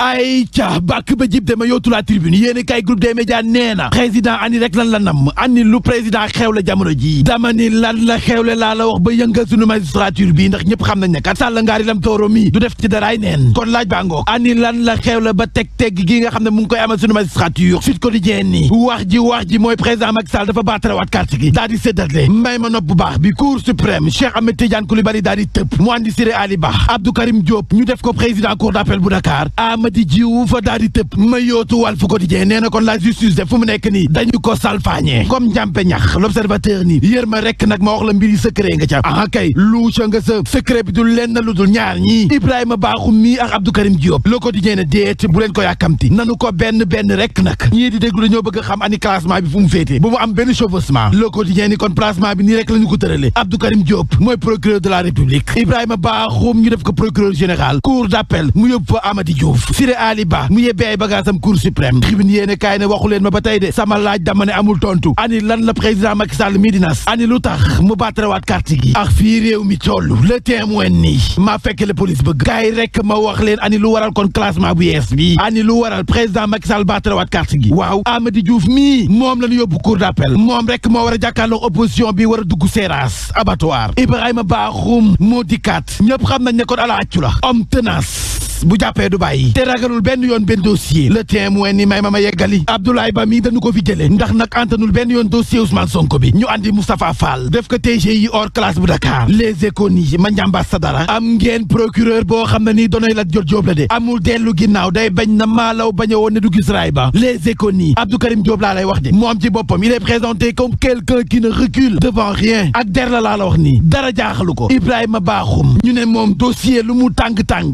ay ca bàkk ba jib dema yootu la tribune yéeni kay groupe des médias nee na ani rek lan la nam ani lu président xewle jamono ji dama ni lan la xewle laa la wax ba yëngal suñu magistrature bi ndax ñëpp xam na ne kat sàll ngaari lam tooro mi du def ci daraay neen kon laaj baa ani lan la xewle ba teg tegg gi nga xam ne mu ngi koy amal suñu magistrature Sud Quotidien ni wax ji wax ji mooy président Macky Sall dafa baatarawaat carte gi daal di séddale mbay ma nopp bu baax bi cour suprême Cheikh Ahmed ñu def ko président cour d'appel bu Dakar Amady Diouf fa daal di tëb ma yootu Walf Quotidien nee na kon la justice de fu mu nekk nii dañu ko salfaañee comme njàmpe ñax l'observateur nii yër ma rek nag ma wax la mbiri secret nga ca ah kay lu ca nga sa secret bi du lenn lu dul ñaar ñii a Bakhoum mii ak Abdou Karim Diop le Quotidien ne déet bu leen ko yàkkamti nanu ko benn benn rekk nag ñii di déglu dañoo bëgg a xam ani classement bi fu mu féete bu mu am benn chevauchement le Quotidien ni kon placement bi nii rek la ñu ko tëralee Abdou Karim Diop mooy procureur ko procureur général cour d'appel mu yóbbu fa Amady Siré Ali Ba mu yebbee ay bagaasam cour suprême tribune yéene kaay ne waxu ma ba tey de sama laaj dama ne amul tontu ani lan la président Macky Sall mi dinas ani lu tax mu baatarewaat carte gi ak fii réew mi toll le témoin nii maa fekk le police bëgg kaay rek ma wax leen ani lu waral kon classement bu yees bi ani lu waral président Macky Sall baatarewaat carte gi waaw Amady Diouf mii moom la ñu yóbbu cour d'appel moom rek moo war a jàkkaarloo opposition bi war a dugg séeraas abattoir Ibrahima Bakhoum moo dikkaat ñëpp xam nañ ne kon ala accu la homme bu jàppee du bàyyi te ragalul benn yoon benn dossier le témoin ni may ma ma yeggali Abdoulaye Ba mi dañu ko fi jële ndax nag antanul benn yoon dossier Ousmane Sonko bi ñu andi Moustapha Fall def ko TGI hors classe bu Dakar les économies ma njàmbaas sa dara am ngeen procureur boo xam ne nii donoy la jot Jóob la de amul dellu ginnaaw day bañ na maalaw bañ a woon ne du gis raay ba les économies Abdou Karim Diop laa lay wax de moom ci boppam il est présenté comme quelqu'un qui ne recule la la wax nii dara jaaxalu ko Ibrahima Bakhoum ñu ne moom dossier lu mu tàng-tàng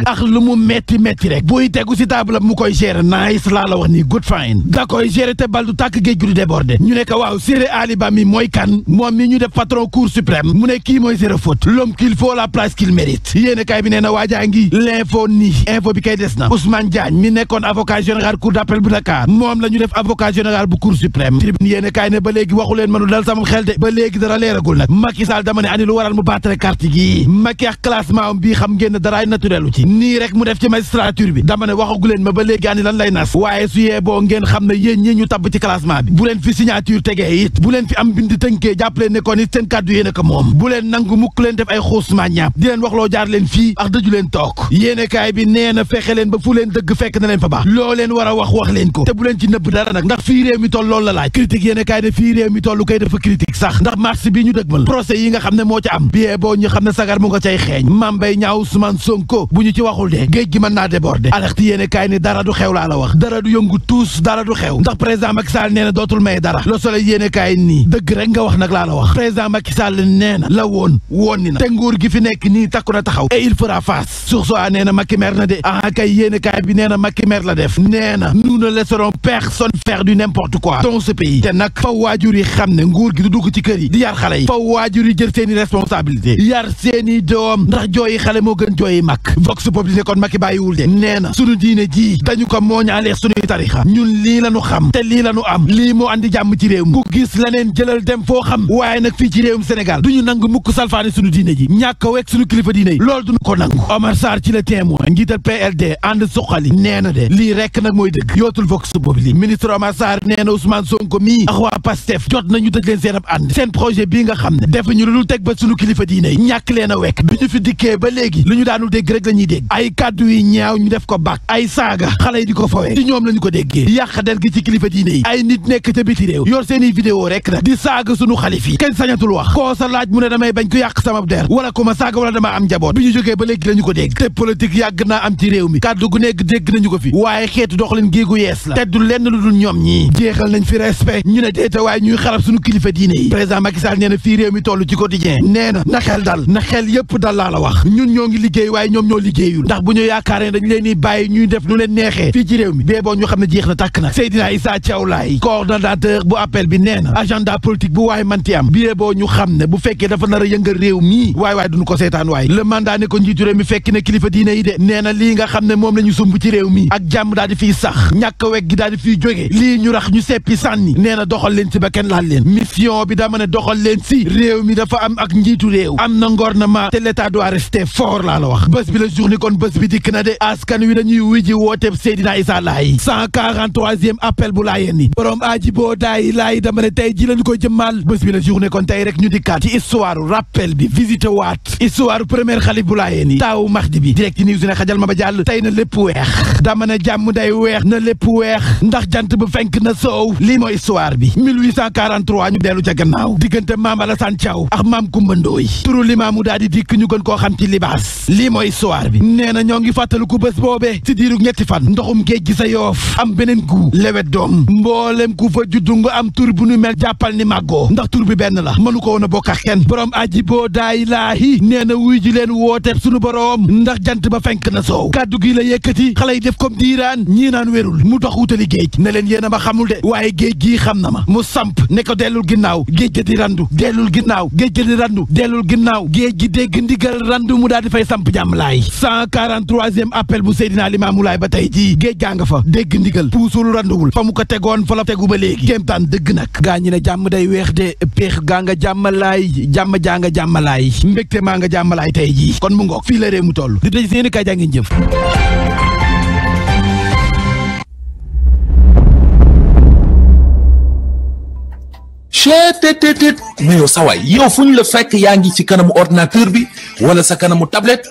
metti rek buy tegu si table mu koy gérer nice laa wax nii good fine da koy gérer te bal tàkk géej gi du ñu ne waaw Siré Ali mi mooy kan moom mi ñu def patron cour suprême mu ne kii mooy zéro faute l'homme qu'il faut la place qu'il mérite yéen kaay bi nee waajaa ngi l'info nii info bi kay des na Ousmane Diagne mi nekkoon avocat général cour d'appel bu Dakar moom la ñu def avocat général bu cour suprême kaay ne ba léegi waxu leen dal sama xel ci magistrature bi dama ne waxagu leen ma ba léegi ani lan lay nas waaye su yee boo ngeen xam ne yéen ñi ñu tabb ci classement bi bu leen fi signature tegee it bu leen fi am bind tënkee jàppaleen ne kon it seen kàddu yéen ko moom bu leen nangu mukk leen def ay xuusma ñaap di leen wax loo jaar leen fii ak dëju leen toog yéenekaay bi nee fexe leen ba fu leen dëgg fekk na leen fa baax loo leen war a wax wax leen ko te bu leen ci nëbb dara nag ndax fii réew mi toll loolu la laaj critique yéenekaay ne fii réew mi toll ne moo ci am biyee boo ñu xam ne sagar mu nga cay xeeñ gi mën naa déborder alerte yéene kaay ne dara du xew laa la wax dara du yëngu tuus dara du xew ndax président Macky Sall nee na dootul may dara Le Soleil yéene kaay nii wax nag laa la wax président Macky Sall nee la woon woon ni na te nguur gi fi nekk nii takku na taxaw et il fera face sur soi ah, nee na Macky mer na de ah kay yéene kaay mer la def nee na nous ne laisserons personne faire du n'importe quoi dans ce pays te nag faw waajur xam ne nguur gi di yar xale yi faw waajur yi jël seeni responsabilité yar seeni doom ndax jooyi xale moo gën jooyi bàyyiwul de nee na sunu diine ji dañu ko mooñaale sunuy tarixa ñun lii la ñu xam te lii la ñu am lii moo andi jàmm ci réew mi ku gis leneen jëlal dem foo xam waaye nag fii ci réewum Sénégal duñu nangu mukk salfaane sunu diine ji ñàkk a wekk sunu kilifa diine yi loolu duñu ko nangu Omar Sarr ci la témoin njiital PLD ànd suqali nee de lii rekk nag mooy dëgg yootul vox populi ministre Omar Sarr nee na Ousmane Sonko mii ak waa jot nañu tëj leen seen ab ànd nga xam ne defuñu lu dul teg ba sunu kilifa diine yi ñàkk leen ba léegi la ñuy dégg ay kàddu wi ñaaw ñu def ko baak ay saaga xale yi di ko fowee ci ñoom lañu ko déggee yàq der gi ci kilifa diine yi ay nit nekk ca biti réew yor seeni vidéo rek nag di saaga sunu xalif yi kenn sañatul wax koo sa laaj mu ne damay bañ ko yàq sama der wala ko ma saaga wala dama am njaboot bi ñu jógee ba léegi lañu ko dégg te politique yàgg naa am ci réew mi kàddu gu nekk dégg nañu ko fi waaye xeetu dox leen géegu yees la te du lenn lu dul ñoom ñii jeexal nañ fi respect ñu ne déete waaye ñuy xarab suñu kilifa diine yi président Macky Sall nee na fii réew mi yaakaar ne dañu leen di bàyyi ñuy def nu leen ne nee na agenda politique bu waaye manti am bie boo ne bu fekkee dafa nar a yëngal réew mii waay waay duñu ko seetaan waay le mandat ne ko njiitu réew mi fekk na kilifa diine yi de nee na lii nga xam ne moom la ñu sumb ci réew mi ak jàmm daal di fiy sax ñàkk a wegg daal di fiy jóge lii ñu rax ñu seppi sànni nee na doxal leen si ba kenn laal leen mission bi dama ne doxal leen si réew mi dafa am ak njiitu réew am na ngornement te l'état doit rester fort laa la wax bés bi la journée kon bés bi dikk dikk na de askan wi dañuy wiji woote Seydina Issa Laye cent quarante appel bu laayeen yi borom aaji boo daay laay dama ne ji lañu ko jëmmal journée kon tey rek ñu dikkaat ci histoire rappel bi visité waat histoire première xalif bu laayeen yi taaw Mahdi bi direct news ne xajal ma ba jàll tey na lépp weex dama ne day weex na lépp weex ndax jant bu fenk na soow lii mooy histoire bi 1843 ñu dellu ca gannaaw diggante maam Alassane Thiaw ak maam Kumba Ndooy turu limaamu daal di fàttaliku bés boobee ci diiru ñetti fan ndoxum géej gi sa yoof am beneen gu lewet doom mboolem ku fa juddu nga am tur bu nu mel jàppal ni màggoo ndax tur bi benn la mënu ko woon a bokk ak kenn borom aji boo daay laahi nee na wuy ji leen woote sunu borom ndax jant ba fenk na soow kàddu gi la yëkkati xale yi def comme diiraan ñii naan wérul mu dox wutali géej ne leen yéen a ma xamul de waaye géej gi xam na ma mu samp ne ko dellul ginnaaw géej ga di dellul ginnaaw géej ga di randu ginnaaw géej gi dégg ndigal randu mu daal di samp jàmm laay 143 troisième appel bu Seydina Limaamu Laay ba tey jii géej gaa nga fa dégg ndigal puusul randuwul fa mu ko tegoon fa la tegu ba léegi kéemtaan dëgg nag gaa ñi ne jàmm day weex de péex gaa nga jàmmalaay jàmm jaa nga jàmmalaay mbégte maa nga jàmmalaay tey jii kon mu ngoog fii la réew mu toll di tëj seen i kay jaa yow sawaay la fekk yaa ngi ci kanamu ordinateur bi wala sa kanamu tablette